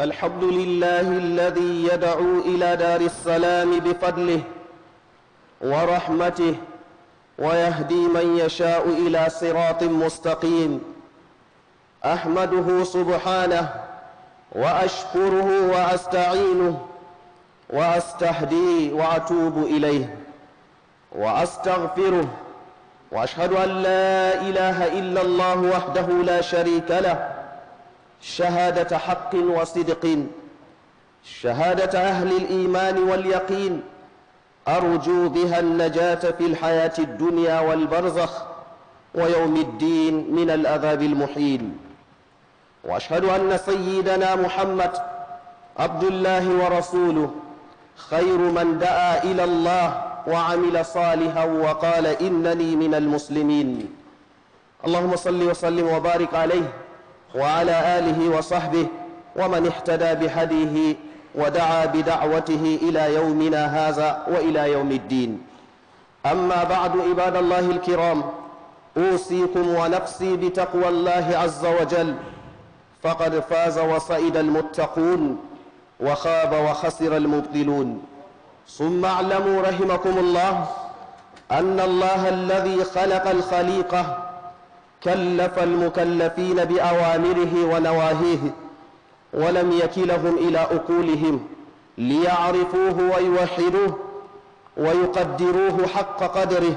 الحمد لله الذي يدعو إلى دار السلام بفضله ورحمته ويهدي من يشاء إلى صراط مستقيم أحمده سبحانه وأشكره وأستعينه وأستهديه وأتوب إليه وأستغفره وأشهد أن لا إله إلا الله وحده لا شريك له شهادة حق وصدق شهادة أهل الإيمان واليقين أرجو بها النجاة في الحياة الدنيا والبرزخ ويوم الدين من الأذاب المحيل وأشهد أن سيدنا محمد عبد الله ورسوله خير من دعا إلى الله وعمل صالحا وقال إنني من المسلمين اللهم صل وسلم وبارك عليه وعلى آله وصحبه ومن اهتدى بهديه ودعا بدعوته إلى يومنا هذا وإلى يوم الدين أما بعد عباد الله الكرام أوصيكم ونفسي بتقوى الله عز وجل فقد فاز وصعد المتقون وخاب وخسر المبطلون ثم اعلموا رحمكم الله أن الله الذي خلق الخليقة كلف المكلفين بأوامره ونواهيه ولم يكلهم إلى أقولهم ليعرفوه ويوحدوه ويقدروه حق قدره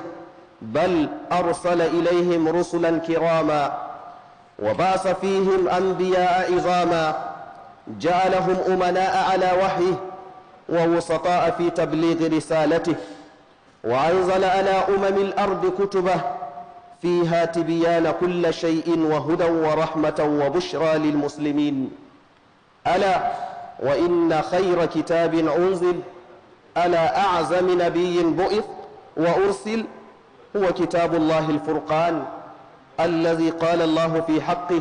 بل أرسل إليهم رسلا كراما وبعث فيهم أنبياء عظاما جعلهم أمناء على وحيه ووسطاء في تبليغ رسالته وأنزل على أمم الأرض كتبه فيها تبيان كل شيء وهدى ورحمة وبشرى للمسلمين ألا وإن خير كتاب أنزل ألا أعزم نبي بؤث وأرسل هو كتاب الله الفرقان الذي قال الله في حقه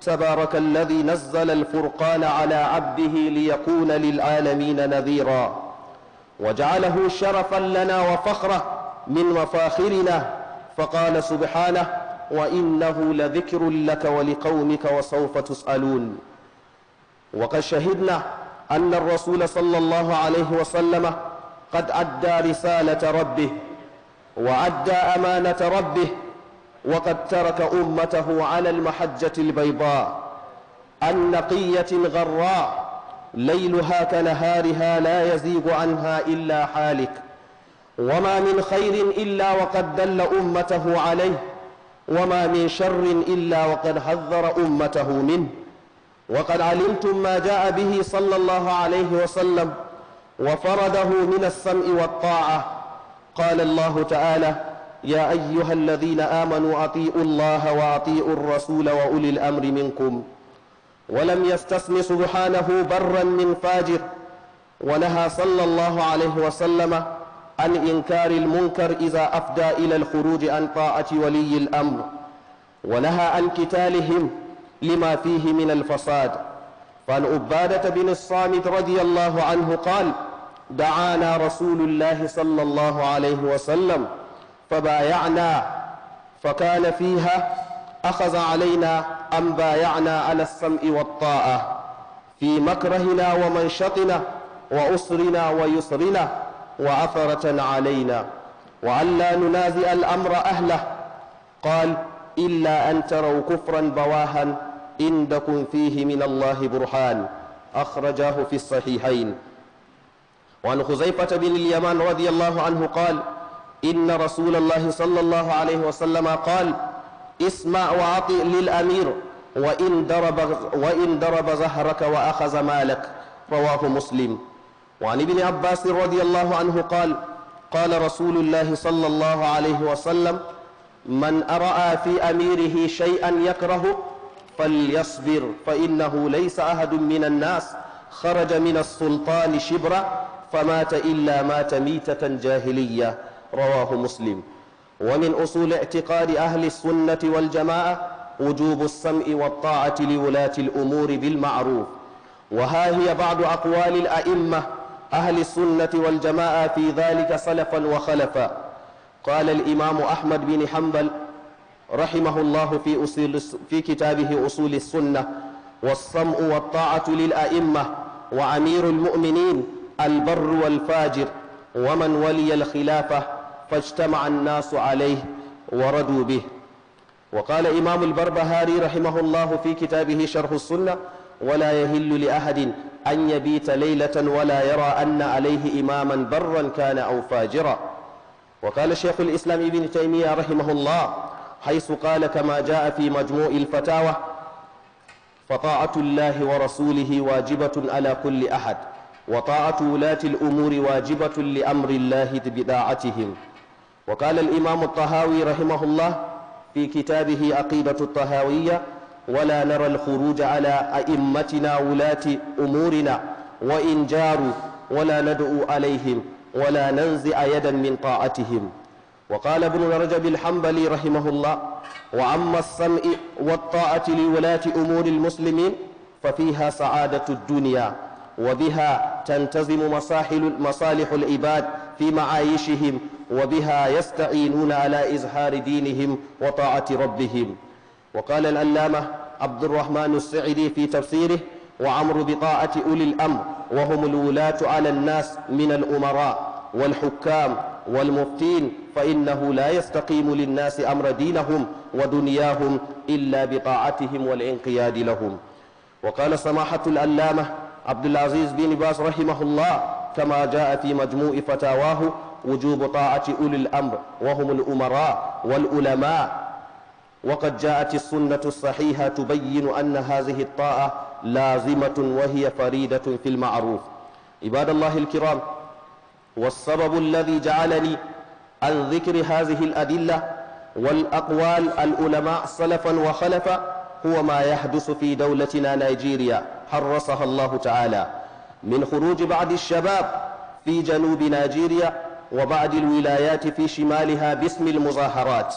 تبارك الذي نزل الفرقان على عبده ليكون للعالمين نذيرا وجعله شرفا لنا وفخرة من مفاخرنا فقال سبحانه وإنه لذكر لك ولقومك وسوف تسألون وقد شهدنا أن الرسول صلى الله عليه وسلم قد أدى رسالة ربه وأدى أمانة ربه وقد ترك أمته على المحجة البيضاء النقية الغراء ليلها كنهارها لا يزيغ عنها إلا حالك وما من خير إلا وقد دل أمته عليه وما من شر إلا وقد حذر أمته منه وقد علمتم ما جاء به صلى الله عليه وسلم وفرده من السمع والطاعة قال الله تعالى يا أيها الذين آمنوا أطيعوا الله وأطيعوا الرسول وأولي الأمر منكم ولم يستثن سبحانه برا من فاجر ونهى صلى الله عليه وسلم عن إنكار المنكر إذا أفدى إلى الخروج عن طاعة ولي الأمر ونهى عن قتالهم لما فيه من الفساد فعن عبادة بن الصامت رضي الله عنه قال دعانا رسول الله صلى الله عليه وسلم فبايعنا فكان فيها أخذ علينا أن بايعنا على السمع والطاعة في مكرهنا ومنشطنا وأسرنا ويسرنا وعثرة علينا وألا ننازئ الأمر أهله قال إلا أن تروا كفرا بواها عندكم فيه من الله برهان أخرجاه في الصحيحين وعن خزيفة بن اليمان رضي الله عنه قال إن رسول الله صلى الله عليه وسلم قال اسمع وعطي للأمير وإن درب, وإن درب زهرك وأخذ مالك رواه مسلم وعن ابن عباس رضي الله عنه قال قال رسول الله صلى الله عليه وسلم من أرأى في أميره شيئا يكرهه فليصبر فإنه ليس أحد من الناس خرج من السلطان شبرا فمات إلا مات ميتة جاهلية رواه مسلم ومن أصول اعتقاد أهل السنة والجماعة وجوب السمع والطاعة لولاة الأمور بالمعروف وها هي بعض أقوال الأئمة أهل السنة والجماعة في ذلك سلفا وخلفا قال الإمام أحمد بن حنبل رحمه الله في, أصول في كتابه أصول السنة والصمء والطاعة للأئمة وعمير المؤمنين البر والفاجر ومن ولي الخلافة فاجتمع الناس عليه وردوا به وقال إمام البربهاري رحمه الله في كتابه شرح السنة ولا يهل لأحد أن يبيت ليلة ولا يرى أن عليه إماما برا كان أو فاجرا وقال شيخ الإسلام ابن تيمية رحمه الله حيث قال كما جاء في مجموع الفتاوى فطاعة الله ورسوله واجبة على كل أحد وطاعة ولاة الأمور واجبة لأمر الله بداعتهم وقال الإمام الطهاوي رحمه الله في كتابه عقيدة الطهاوية ولا نرى الخروج على أئمتنا ولاة أمورنا وإن جاروا ولا ندعو عليهم ولا ننزع يدا من طاعتهم وقال ابن رجب الحنبلي رحمه الله وعم السمع والطاعة لولاة أمور المسلمين ففيها سعادة الدنيا وبها تنتظم مصالح العباد في معايشهم وبها يستعينون على إزهار دينهم وطاعة ربهم وقال العلامة عبد الرحمن السعدي في تفسيره وعمر بطاعة أولي الأمر وهم الولاة على الناس من الأمراء والحكام والمفتين فإنه لا يستقيم للناس أمر دينهم ودنياهم إلا بطاعتهم والانقياد لهم وقال سماحة العلامة عبد العزيز بن باز رحمه الله كما جاء في مجموع فتاواه وجوب طاعة أولي الأمر وهم الأمراء والعلماء وقد جاءت السنة الصحيحة تبين أن هذه الطاعة لازمة وهي فريدة في المعروف عباد الله الكرام والسبب الذي جعلني عن ذكر هذه الأدلة والأقوال العلماء سلفا وخلفا هو ما يحدث في دولتنا نيجيريا حرصها الله تعالى من خروج بعض الشباب في جنوب نيجيريا وبعض الولايات في شمالها باسم المظاهرات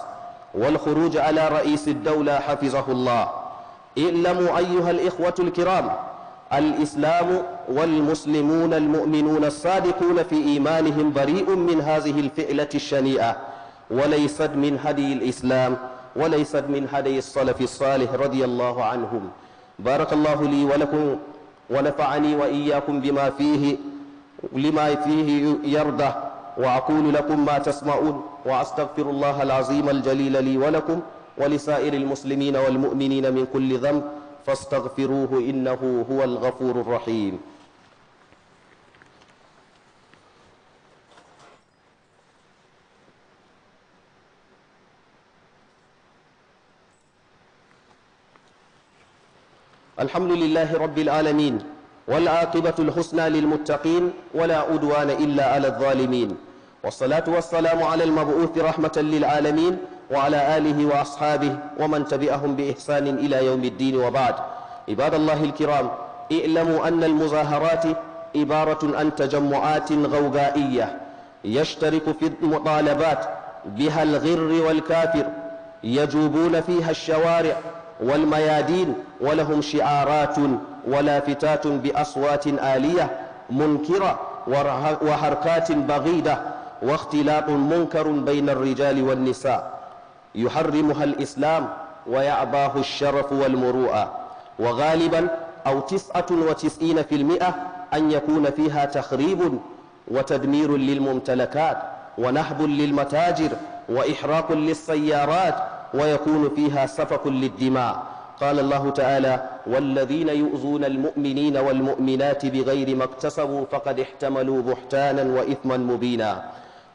والخروج على رئيس الدولة حفظه الله اعلموا أيها الإخوة الكرام الإسلام والمسلمون المؤمنون الصادقون في إيمانهم بريء من هذه الفئلة الشنيئة وليست من هدي الإسلام وليست من هدي الصلف الصالح رضي الله عنهم بارك الله لي ولكم ونفعني وإياكم بما فيه لما فيه يرضى وأقول لكم ما تسمعون وأستغفر الله العظيم الجليل لي ولكم ولسائر المسلمين والمؤمنين من كل ذنب فاستغفروه إنه هو الغفور الرحيم الحمد لله رب العالمين والعاقبة الحسنى للمتقين ولا عدوان إلا على الظالمين والصلاة والسلام على المبعوث رحمة للعالمين وعلى آله وأصحابه ومن تبعهم بإحسان إلى يوم الدين وبعد عباد الله الكرام اعلموا أن المظاهرات عبارة عن تجمعات غوغائية يشترك في المطالبات بها الغر والكافر يجوبون فيها الشوارع والميادين ولهم شعارات ولافتات بأصوات آلية منكرة وحركات بغيدة واختلاط منكر بين الرجال والنساء يحرمها الإسلام ويعباه الشرف والمروءة وغالبا أو تسعة وتسعين في المئة أن يكون فيها تخريب وتدمير للممتلكات ونهب للمتاجر وإحراق للسيارات ويكون فيها سفك للدماء قال الله تعالى والذين يؤذون المؤمنين والمؤمنات بغير ما اكتسبوا فقد احتملوا بحتانا وإثما مبينا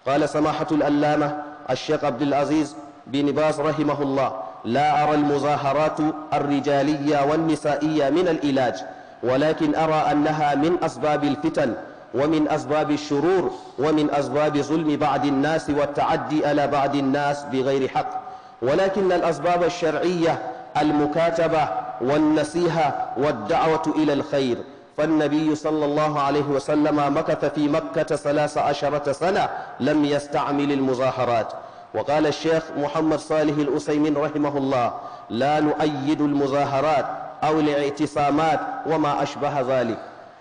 قال سماحة الألامة الشيخ عبد العزيز بن باز رحمه الله لا أرى المظاهرات الرجالية والنسائية من الإلاج ولكن أرى أنها من أسباب الفتن ومن أسباب الشرور ومن أسباب ظلم بعض الناس والتعدي على بعض الناس بغير حق ولكن الأسباب الشرعية المكاتبة والنسيها والدعوة إلى الخير فالنبي صلى الله عليه وسلم مكث في مكة ثلاث عشرة سنة لم يستعمل المظاهرات وقال الشيخ محمد صالح الأسيمين رحمه الله لا نؤيد المظاهرات أو الاعتصامات وما أشبه ذلك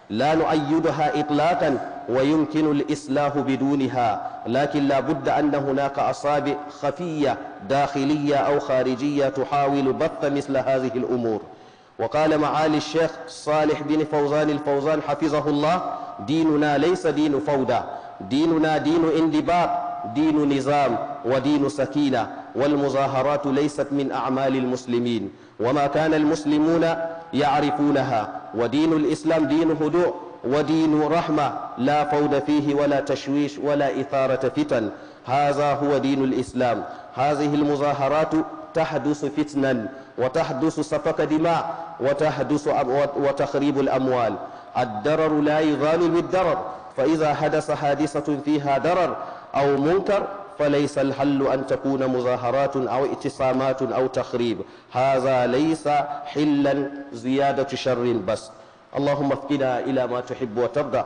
لا نؤيدها إطلاقا ويمكن الإصلاح بدونها لكن لا بد أن هناك أصابع خفية داخلية أو خارجية تحاول بث مثل هذه الأمور وقال معالي الشيخ صالح بن فوزان الفوزان حفظه الله ديننا ليس دين فوضى ديننا دين انضباط دين نظام ودين سكينة والمظاهرات ليست من أعمال المسلمين وما كان المسلمون يعرفونها ودين الإسلام دين هدوء ودين رحمة لا فوضى فيه ولا تشويش ولا إثارة فتن هذا هو دين الإسلام هذه المظاهرات تحدث فتنا وتحدث سفك دماء وتحدث وتخريب الأموال الضرر لا يغال بالضرر فإذا حدث حادثة فيها ضرر أو منكر فليس الحل أن تكون مظاهرات أو اعتصامات أو تخريب هذا ليس حلا زيادة شر بس اللهم افقنا إلى ما تحب وترضى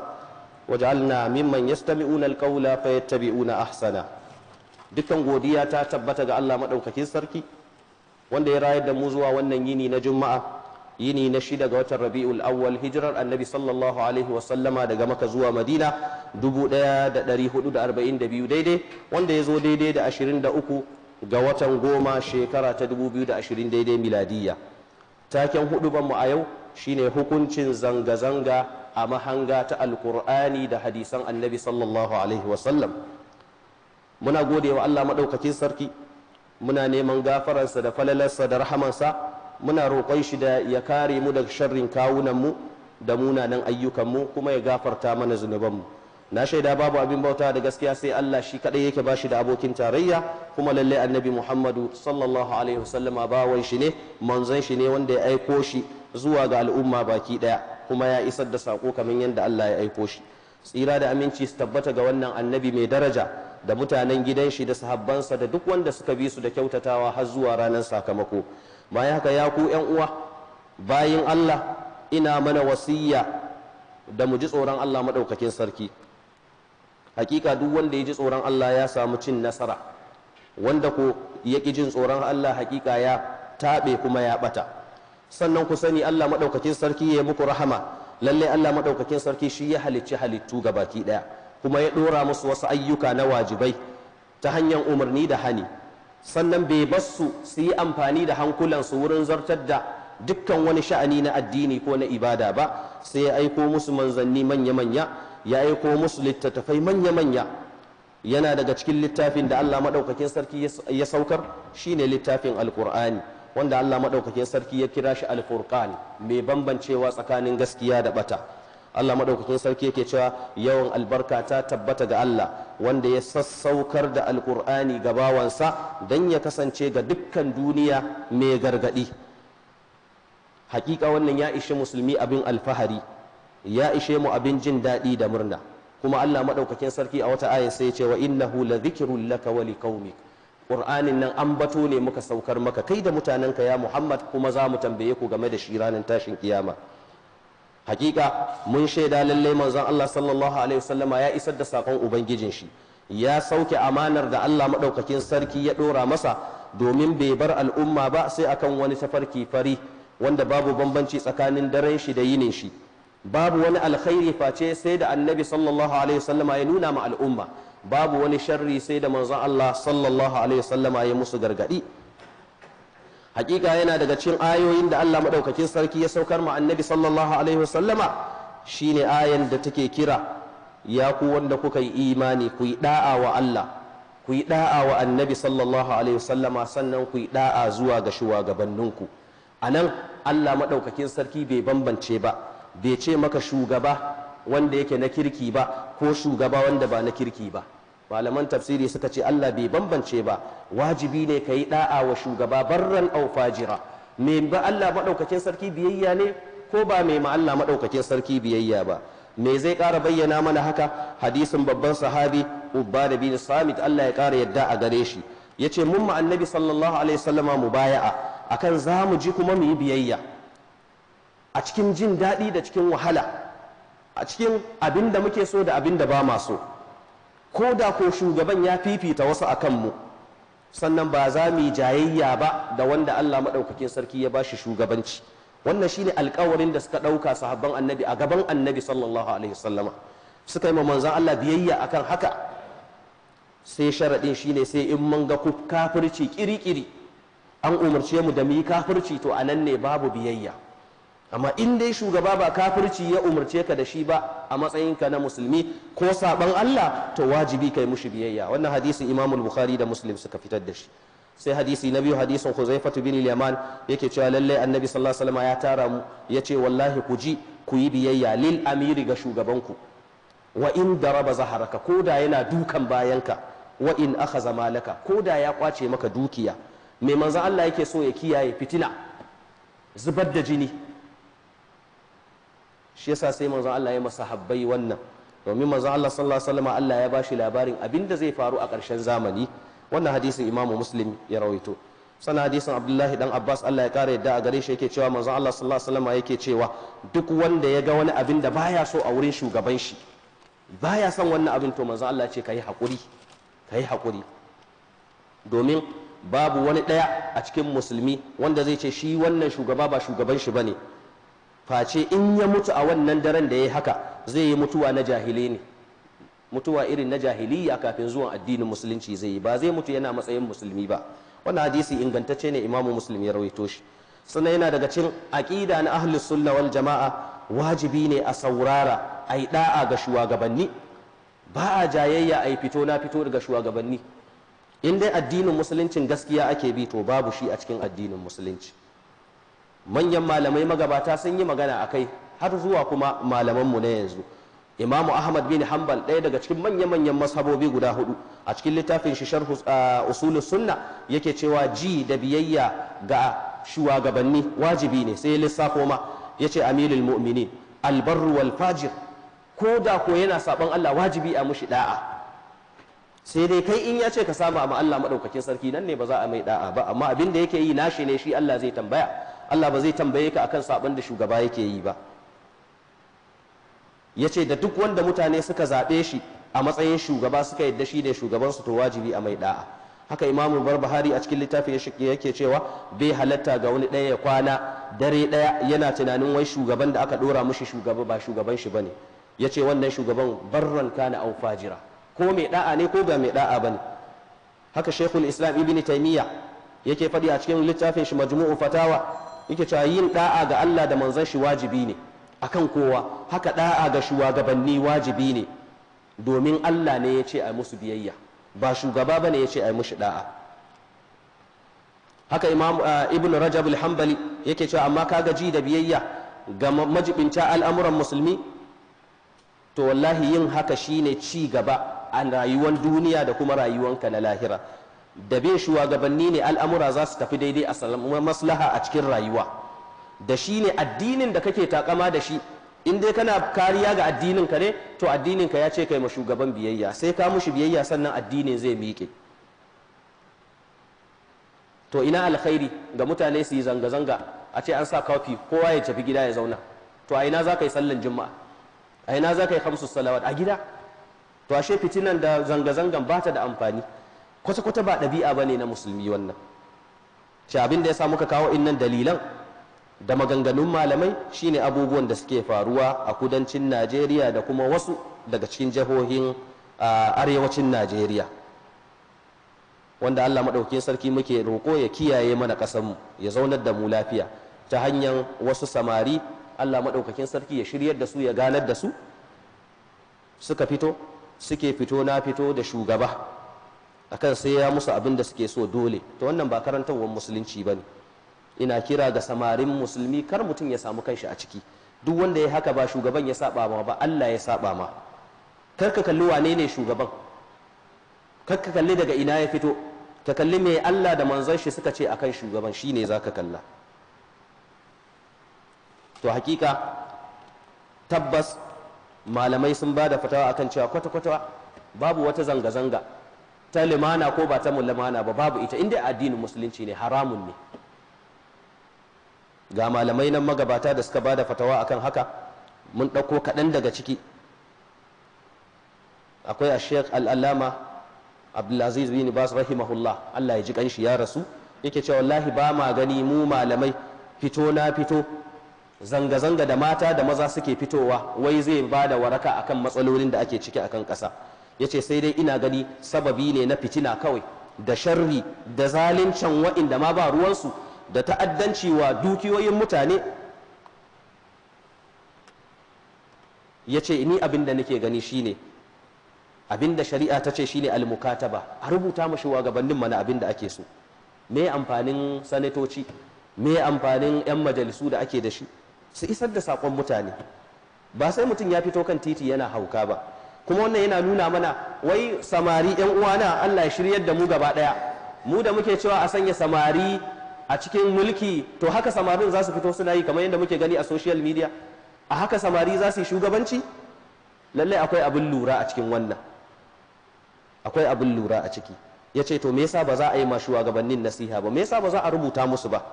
واجعلنا ممن يستمعون القول فيتبعون أحسنه dukkan godiya ta tabbata ga Allah maɗaukakin sarki wanda ya rayar da mu zuwa wannan yini na juma'a yini na shida ga watan rabi'ul awwal hijirar annabi sallallahu alaihi sallama daga maka zuwa madina 1442 daidai wanda ya zo daidai da 23 ga watan goma shekara ta 2020 daidai miladiyya taken hudu banmu a yau shine hukuncin zanga-zanga a mahanga ta alkur'ani da hadisan annabi sallallahu alaihi sallam muna gode wa allah maɗaukakin sarki muna neman gafararsa da falalarsa da rahamansa muna roƙon shi da ya kare mu daga sharrin kawunanmu da munanan ayyukanmu kuma ya gafarta mana zunubanmu na shaida babu abin bauta da gaskiya sai Allah shi kadai yake bashi da abokin tarayya kuma lalle annabi Muhammadu sallallahu alaihi wasallama bawan shi ne manzon shi ne wanda ya aiko shi zuwa ga al'umma baki daya kuma ya isar da sako kamar yadda Allah ya aiko shi tsira da aminci su tabbata ga wannan annabi mai daraja da mutanen gidan shi da sahabbansa da duk wanda suka bi su da kyautatawa har zuwa ranar sakamako bayan haka ya ku yan uwa bayin Allah ina mana wasiya da mu ji tsoron Allah madaukakin sarki hakika duk wanda ya ji tsoron Allah ya samu cin nasara wanda ko ya ki jin tsoron Allah hakika ya taɓe kuma ya ɓata sannan ku sani Allah maɗaukakin sarki ya muku rahama lalle Allah maɗaukakin sarki shi ya halicci halittu gabaki ɗaya kuma ya ɗora musu wasu ayyuka na wajibai ta hanyar umarni da hani sannan bai basu su yi amfani da hankulansu wurin zartar da dukkan wani sha'ani na addini ko na ibada ba sai ya aiko musu manzanni manya-manya ya aiko musu littattafai manya-manya yana daga cikin littafin da Allah maɗaukakin sarki ya saukar shine littafin alkur'ani wanda Allah maɗaukakin sarki ya kira shi alfurqan mai bambancewa tsakanin gaskiya da bata Allah madaukakin sarki yake cewa yawan albarka ta tabbata ga Allah wanda ya sassaukar da alkur'ani ga bawansa don ya kasance ga dukkan duniya mai gargadi hakika wannan ya ishe musulmi abin alfahari ya ishe mu abin jin daɗi da murna kuma Allah madaukakin sarki a wata aya sai ya ce wa innahu la dhikrun laka wa liqaumik ƙur'anin nan an bato ne muka saukar maka kai da mutanenka ya muhammad kuma za mu tambaye ku game da shi ranar tashin kiyama hakika mun shaida lalle manzon Allah sallallahu alaihi wasallama ya isar da sakon ubangijin shi ya sauke amanar da Allah madaukakin sarki ya dora masa domin bai bar al'umma ba sai akan wani tafarki fari wanda babu bambanci tsakanin daren shi da yinin shi babu wani alkhairi face sai da annabi sallallahu alaihi wasallama ya nuna ma al'umma babu wani sharri sai da manzon Allah sallallahu alaihi wasallama ya musu gargadi hakika yana daga cikin ayoyin da Allah madaukakin sarki ya saukar ma annabi sallallahu alaihi wasallama shine ayan da take kira ya ku wanda kuka yi imani ku yi da'a wa Allah ku yi da'a wa annabi sallallahu alaihi wasallama sannan ku yi da'a zuwa ga shugabanninku a nan Allah madaukakin sarki bai bambance ba bai ce maka shugaba wanda yake na kirki ba ko shugaba wanda ba na kirki ba malaman tafsiri suka ce Allah bai bambance ba wajibi ne ka yi da'a wa shugaba barran au fajira me ba Allah maɗaukakin sarki biyayya ne ko ba mai ma Allah maɗaukakin sarki biyayya ba me zai ƙara bayyana mana haka hadisin babban sahabi ubba da bin samit Allah ya ƙara yadda a gare shi ya ce mun annabi sallallahu alaihi sallama mu baya'a akan za mu ji kuma mu yi biyayya a cikin jin daɗi da cikin wahala a cikin abin da muke so da abin da ba ma so ko da ko shugaban ya fifita wasu a mu sannan ba za mu yi jayayya ba da wanda Allah maɗaukakin sarki ya ba shi shugabanci wannan shine alkawarin da suka ɗauka sahabban annabi a gaban annabi sallallahu alaihi suka yi ma manzan Allah biyayya akan haka sai sharaɗin shine sai in mun ga kafirci kiri-kiri an umarce mu da mu yi kafirci to anan ne babu biyayya amma in dai shugaba ba kafirci ya umarce ka da shi ba a matsayinka na musulmi ko saban Allah to wajibi kai mushi biyayya wannan hadisin Imam Bukhari da Muslim suka fitar da shi sai hadisi na biyu hadisin Huzaifatu bin Yaman yake cewa lalle Annabi sallallahu alaihi wasallam ya tara mu yace wallahi ku ji ku yi biyayya lil amiri ga shugabanku wa in daraba zaharaka ko da yana dukan bayan ka wa in zama malaka ko da ya kwace maka dukiya mai manzo Allah yake so ya kiyaye fitina zubar da jini shi yasa sai manzon Allah ya masa habbai wannan domin manzon Allah sallallahu alaihi wasallam Allah ya bashi labarin abinda zai faru a ƙarshen zamani wannan hadisin Imam Muslim ya rawaito sana hadisin Abdullahi dan Abbas Allah ya kare yadda a gare shi yake cewa manzon Allah sallallahu alaihi wasallam yake cewa duk wanda ya ga wani abin da baya so a wurin shugaban shi baya son wannan abin to manzon Allah ce kai hakuri kai hakuri domin babu wani daya a cikin musulmi wanda zai ce shi wannan shugaba ba shugaban shi bane face in ya mutu a wannan daren da ya haka zai yi mutuwa na jahili ne mutuwa irin na jahiliya kafin zuwan addinin musulunci zai yi ba zai mutu yana matsayin musulmi ba wannan hadisi ingantacce ne imamu musulmi ya rawaito shi sannan yana daga cin aqida na ahlus sunna wal jama'a wajibi ne a saurara ai da'a ga shugabanni ba a jayayya ai fito na fito daga shugabanni in dai addinin musuluncin gaskiya ake bi to babu shi a cikin addinin musulunci manyan malamai magabata sun yi magana a kai har zuwa kuma malamanmu na yanzu imamu ahmad bin hanbal ɗaya daga cikin manya-manyan mashabobi guda hudu a cikin littafin shi sharh uh, usul sunna yake cewa ji da biyayya ga shugabanni wajibi ne sai lissafo ma yace amilul mu'minin albarru wal fajir ko da ko yana sabon Allah wajibi a mushi da'a sai dai kai in ya ce ka samu amma Allah madaukakin sarki nan ne ba za a mai da'a ba amma abin da yake yi nashi ne shi Allah zai tambaya Allah ba zai tambaye ka akan sabon da shugaba yake yi ba yace da duk wanda mutane suka zaɓe shi a matsayin shugaba suka yadda shi ne su to wajibi a mai da'a haka imamu barbahari a cikin littafin ya yake cewa bai halatta ga wani ɗaya ya kwana dare ɗaya yana tunanin wai shugaban da aka ɗora mushi shugaba ba shugaban shi bane ya wannan shugaban barran kana au fajira ko mai da'a ne ko ba mai da'a bane haka shaykhul islam ibn taimiyya yake faɗi a cikin littafin shi majmu'u fatawa yake cewa yin da'a ga Allah da manzon shi wajibi ne akan kowa haka da'a ga shugabanni wajibi ne domin Allah ne ya ce a musu biyayya ba shugaba bane ya ce a mushi da'a haka imam eh, ibn rajab al-hanbali yake cewa amma kaga ji da biyayya ga majibinta al'amuran musulmi to wallahi yin haka shine ci gaba a rayuwar duniya da kuma rayuwanka na lahira da bai shugabanni ne al'amura za su tafi daidai a salamu maslaha a cikin rayuwa da shi ne addinin da kake takama da shi in dai kana kariya ga addinin ka ne to addinin ka ya ce kai ma shugaban biyayya sai ka mushi biyayya sannan addinin zai miƙe to ina alkhairi ga mutane su yi zanga-zanga a ce an sa kofi kowa ya tafi gida ya zauna to a ina za ka yi sallan juma'a a ina za ka yi hamsu salawat a gida to ashe fitinan da zanga-zangan ba ta da amfani kwata-kwata ba ɗabi'a ba ne na musulmi wannan shi abin da ya sa muka kawo innan dalilan da maganganun malamai shine abubuwan da suke faruwa a kudancin najeriya da kuma wasu daga cikin jihohin arewacin najeriya wanda allah maɗaukin sarki muke roƙo ya kiyaye mana ƙasanmu ya zaunar da mu lafiya ta hanyar wasu samari allah maɗaukakin sarki ya shiryar da su ya ganar da su suka fito suke fito na fito da shugaba akan sai ya musu abin da suke so dole to wannan ba karantarwar musulunci ba ne ina kira ga samarin musulmi kar mutum ya samu kanshi a ciki duk wanda ya haka ba shugaban ya saba ma ba Allah ya saba ma kar ka kalli wane ne shugaban kar ka kalli daga ina ya fito ka kalli me Allah da manzon shi suka ce akan shugaban shine zaka kalla to hakika tabbas malamai sun ba da fatawa akan cewa kwata-kwata babu wata zanga-zanga ta limana ko ba ta limana ba babu ita inda addinin musulunci ne haramun ne ga malamai nan magabata da suka bada fatawa akan haka mun ɗauko kaɗan daga ciki akwai a sheikh al'allama abdulaziz bin bas rahimahullah allah ya ji kanshi ya rasu yake cewa wallahi ba ma gani mu malamai fito na fito zanga-zanga da mata da maza suke fitowa wai zai ba da waraka akan matsalolin da ake ciki akan ƙasa ya ce sai dai ina gani sababi ne na fitina kawai da sharri da zalincin wa'inda ma ba ruwansu da ta'addanci wa dukiyoyin mutane ya ce ni abin da nake gani shine abin da shari'a ta ce shine almukataba a rubuta mu gabanin mana abin da ake so me amfanin sanatoci me amfanin 'yan majalisu da ake da shi su isar da saƙon mutane ba sai mutum ya fito kan titi yana hauka ba kuma wannan yana nuna mana wai samari yan uwana Allah ya shiryar da mu gaba daya mu da muke cewa a sanya samari a cikin mulki to haka samarin za su fito suna yi kamar yadda muke gani a social media a haka samari za su yi shugabanci lallai akwai abin lura a cikin wannan akwai abin lura a ciki ya ce to me yasa ba za a yi ma shugabannin nasiha ba me yasa ba za a rubuta musu ba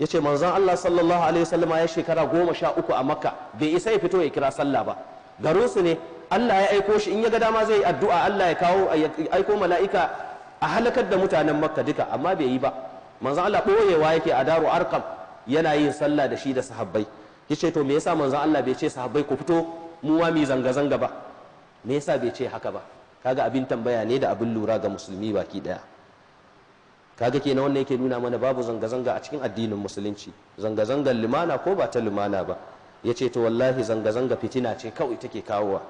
ya ce manzon Allah sallallahu alaihi wasallama ya shekara goma sha uku a makka bai isa ya fito ya kira sallah ba garinsu ne Allah ya aiko shi in ya ga dama zai yi addu'a Allah ya kawo ya aiko mala'ika a halakar da mutanen Makka duka amma bai yi ba manzon Allah boyewa yake a daru arkam yana yin sallah da shi da sahabbai yace to me yasa manzon Allah bai ce sahabbai ku fito mu ma mi zanga zanga ba me yasa bai ce haka ba kaga abin tambaya ne da abin lura ga musulmi baki daya kaga kenan wannan yake nuna mana babu zanga zanga a cikin addinin musulunci zanga zangar limana ko ba ta limana ba yace to wallahi zanga zanga fitina ce kawai take kawowa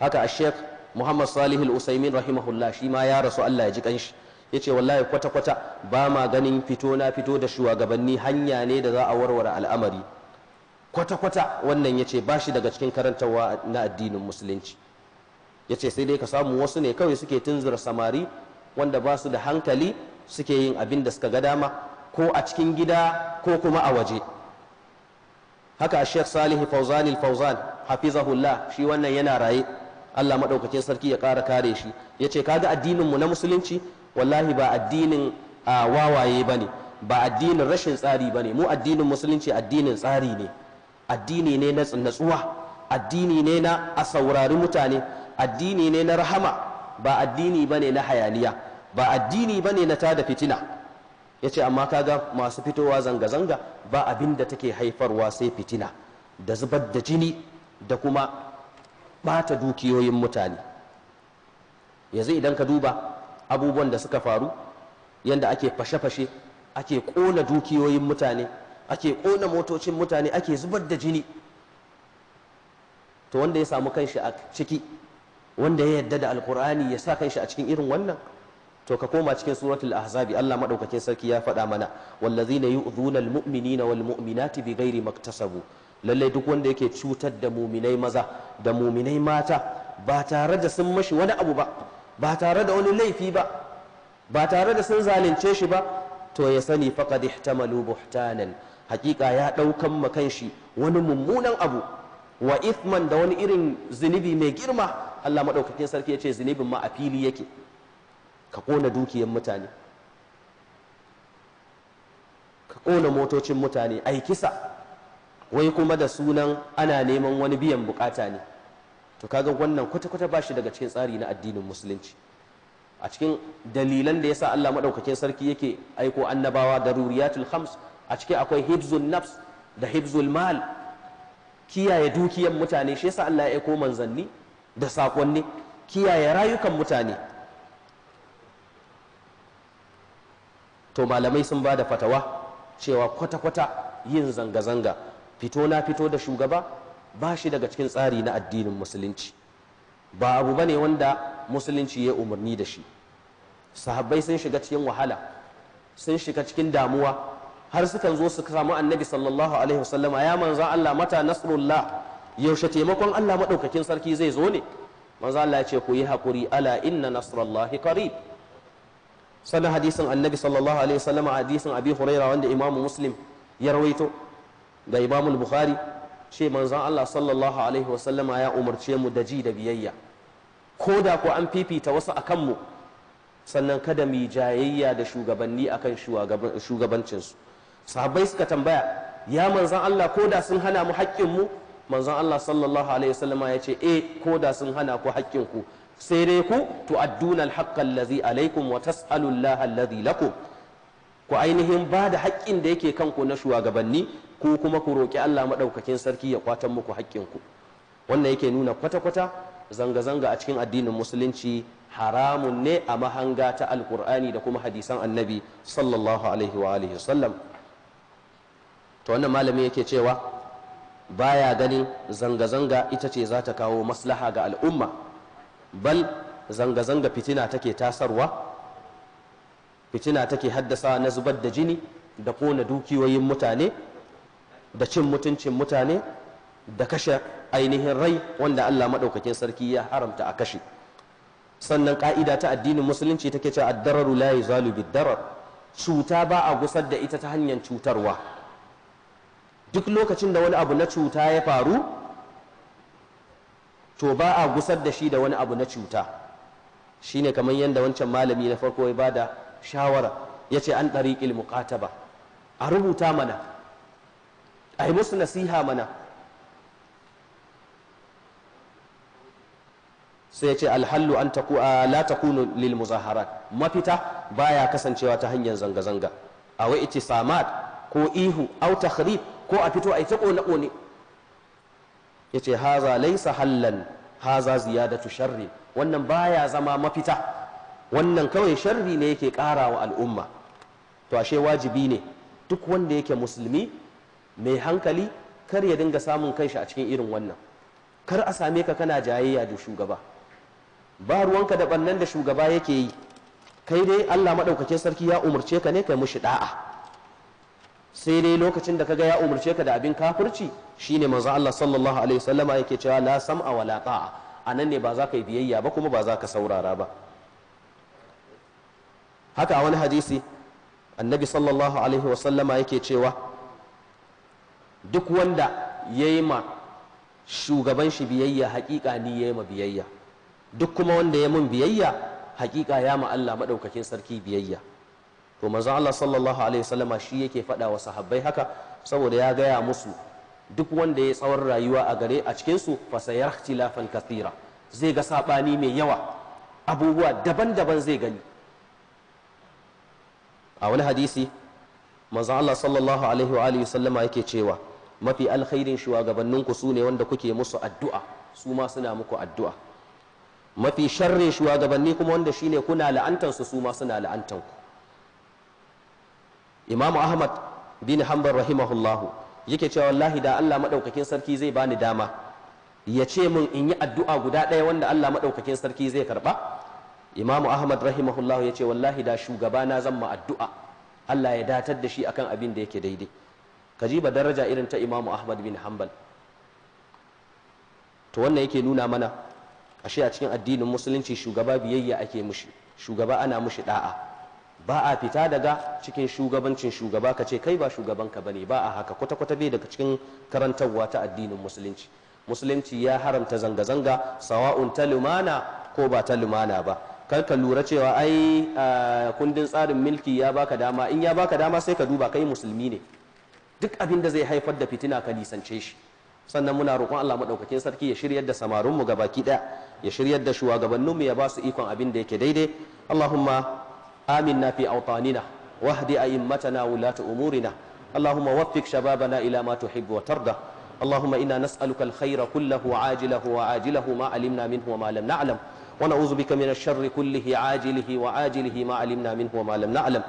haka ashek muhammad salih al-usaimin rahimahullah shi ma ya rasu allah ya ji kanshi ya ce wallahi kwata-kwata ba ma ganin fito na fito da shugabanni hanya ne da za a warware al'amari kwata-kwata wannan ya ce ba shi daga cikin karantarwa na addinin musulunci ya ce sai dai ka samu wasu ne kawai suke tunzura samari wanda ba su da hankali suke yin abin da suka ga dama ko a cikin gida ko kuma a waje haka shek salihu fauzan fauzan hafizahullah shi wannan yana raye Allah maɗaukacin sarki ya ƙara kare shi ya ce kaga addininmu na musulunci wallahi ba addinin wawaye ba ne ba addinin rashin tsari ba ne mu addinin musulunci addinin tsari ne addini ne na natsuwa addini ne na a saurari mutane addini ne na rahama ba addini ba ne na hayaniya ba addini ba ne na tada fitina ya ce amma kaga masu fitowa zanga-zanga ba abin da take haifarwa sai fitina da zubar da jini da kuma bata dukiyoyin mutane yanzu idan ka duba abubuwan da suka faru yadda ake fashe-fashe ake kona dukiyoyin mutane ake kona motocin mutane ake zubar da jini to wanda ya samu kanshi a ciki wanda ya yadda da alkur'ani ya sa kanshi a cikin irin wannan to ka koma cikin suratul ahzabi Allah madaukakin sarki ya faɗa mana wallazina yu'dhuna almu'minina walmu'minati bighairi maktasabu lallai duk wanda yake cutar da muminai maza da muminai mata ba tare da sun mashi wani abu ba ba tare da wani laifi ba ba tare da sun zalunce shi ba to ya sani faqad ihtamalu buhtanan haƙiƙa ya daukan makan shi wani mummunan abu wa ithman da wani irin zunubi mai girma Allah madaukakin sarki yace zunubin ma a fili yake ka kona dukiyar mutane ka kona motocin mutane ai kisa wai kuma da sunan ana neman wani biyan bukata ne to kaga wannan kwata-kwata ba daga cikin tsari na addinin musulunci a cikin dalilan da yasa Allah madaukakin sarki yake aiko annabawa da ruriyatul khams a cikin akwai hibzul nafs da hibzul mal kiyaye dukiyan mutane shi yasa Allah ya aiko manzanni da sakonni kiyaye rayukan mutane to malamai sun bada fatawa cewa kwata-kwata yin zanga-zanga fito na fito da shugaba ba shi daga cikin tsari na addinin musulunci ba abu ba ne wanda musulunci ya umarni da shi sahabbai sun shiga cikin wahala sun shiga cikin damuwa har sukan zo su samu annabi sallallahu alaihi wasallam ya manzo Allah mata nasrullah yaushe taimakon Allah madaukakin sarki zai zo ne manzo Allah ya ce ku yi hakuri ala inna nasrullahi qarib sanan hadisin annabi sallallahu alaihi wasallam hadisin abi huraira wanda imamu muslim ya rawaito ga imamul bukhari ce manzon Allah sallallahu alaihi wasallama ya umarce mu da ji da biyayya ko da ko an fifita wasu a kanmu sannan kada mu jayayya da shugabanni akan shugabancinsu sahabbai suka tambaya ya manzon Allah ko da sun hana mu haƙƙin mu manzon Allah sallallahu alaihi wasallama ya ce eh ko da sun hana ku haƙƙin ku sai dai ku tu'adduna al-haqqa allazi alaikum wa tas'alu allah allazi lakum ku ainihin ba da haƙƙin da yake kanku na shugabanni ku kuma ku roƙi Allah maɗaukakin sarki ya kwatan muku haƙƙinku wannan yake nuna kwata-kwata zanga-zanga a cikin addinin musulunci haramun ne a mahanga ta alkur'ani da kuma hadisan annabi sallallahu alaihi wa alihi sallam to wannan malami yake cewa baya ganin zanga-zanga ita ce za ta kawo maslaha ga al'umma bal zanga-zanga fitina take tasarwa fitina take haddasa na zubar da jini da kona dukiyoyin mutane da cin mutuncin mutane da kashe ainihin rai wanda Allah maɗaukakin sarki ya haramta a kashe sannan ƙa'ida ta addinin musulunci take cewa addararu la yuzalu biddarar cuta ba a gusar da ita ta hanyar cutarwa duk lokacin da wani abu na cuta ya faru to ba a gusar da shi da wani abu na cuta shine kamar yadda wancan malami na farko ya bada shawara ya ce an ɗariƙil ba a rubuta mana a yi musu nasiha mana sai ya ce alhallu an taku a latakunu lil muzaharat mafita baya kasancewa ta hanyar zanga-zanga a wai ita samad ko ihu au tahrib ko a fito a ita kone-kone ya ce haza laisa hallan haza ziyadatu sharri wannan baya zama mafita wannan kawai sharri ne yake ƙara wa al'umma to ashe wajibi ne duk wanda yake musulmi mai hankali kar ya dinga samun kanshi a cikin irin wannan kar a same ka kana jayayya da shugaba ba ruwanka da bannan da shugaba yake yi kai dai Allah maɗaukake sarki ya umarce ka ne kai mushi da'a sai dai lokacin da kaga ya umarce ka da abin kafirci shine manzo Allah sallallahu alaihi wasallama yake cewa la sam'a wala ta'a anan ne ba za ka yi biyayya ba kuma ba za ka saurara ba haka a wani hadisi annabi sallallahu alaihi wasallama yake cewa duk wanda ya yi ma shugaban shi biyayya haƙiƙa ni ya yi ma biyayya duk kuma wanda ya mun biyayya haƙiƙa ya ma Allah maɗaukakin sarki biyayya to manzon Allah sallallahu alaihi wasallama shi yake faɗa wa sahabbai haka saboda ya gaya musu duk wanda ya tsawon rayuwa a gare a cikin su fasayar ikhtilafan kathira zai ga sabani mai yawa abubuwa daban-daban zai gani a wani hadisi manzon Allah sallallahu alaihi wa alihi wasallama yake cewa mafi alkhairin shugabanninku su ne wanda kuke musu addu'a su ma suna muku addu'a mafi sharrin shugabanni kuma wanda shi ne kuna la'antansu su ma suna la'antanku imam ahmad bin hanbar rahimahullahu yake cewa wallahi da allah maɗaukakin sarki zai bani dama ya ce min in yi addu'a guda ɗaya wanda allah maɗaukakin sarki zai karɓa imam ahmad rahimahullahu ya ce wallahi da shugabana zan ma addu'a allah ya datar da shi akan abin da yake daidai ka ji ba daraja irin ta imamu ahmad bin hanbal to wannan yake nuna mana ashe a cikin addinin musulunci shugaba biyayya ake mushi shugaba ana mushi da'a ba a fita daga cikin shugabancin shugaba ka ce kai ba shugaban ka bane ba a haka kwata kwata bai daga cikin karantarwa ta addinin musulunci musulunci ya haramta zanga zanga sawa'un ta lumana ko ba ta lumana ba kar ka lura cewa ai kundin tsarin mulki ya baka dama in ya baka dama sai ka duba kai musulmi ne duk abin da zai haifar da fitina ka nisance shi sannan muna roƙon Allah maɗaukakin sarki ya shiryar da samarinmu ga baki ɗaya ya shiryar da shugabanninmu ya ba su ikon abin da yake daidai Allahumma aminna fi autanina wahdi a'immatana wulata umurina Allahumma waffik shababana ila ma tuhibbu wa tarda Wa إنا ma alimna كله عاجله وعاجله ما علمنا منه وما لم نعلم ونعوذ بك kullihi الشر wa عاجله ma alimna علمنا منه وما لم نعلم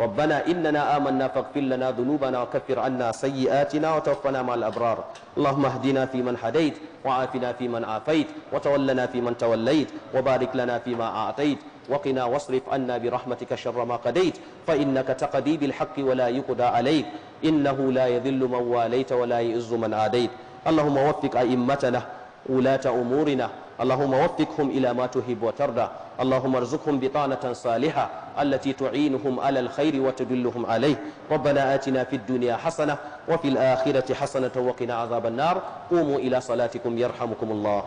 ربنا إننا آمنا فاغفر لنا ذنوبنا وكفر عنا سيئاتنا وتوفنا مع الأبرار اللهم اهدنا فيمن هديت وعافنا فيمن عافيت وتولنا فيمن توليت وبارك لنا فيما أعطيت وقنا واصرف عنا برحمتك شر ما قديت فإنك تقضي بالحق ولا يقضى عليك إنه لا يذل من واليت ولا يئز من عاديت اللهم وفق أئمتنا ولاة أمورنا اللهم وفقهم إلى ما تحب وترضى اللهم ارزقهم بطانة صالحة التي تعينهم على الخير وتدلهم عليه ربنا آتنا في الدنيا حسنة وفي الآخرة حسنة وقنا عذاب النار قوموا إلى صلاتكم يرحمكم الله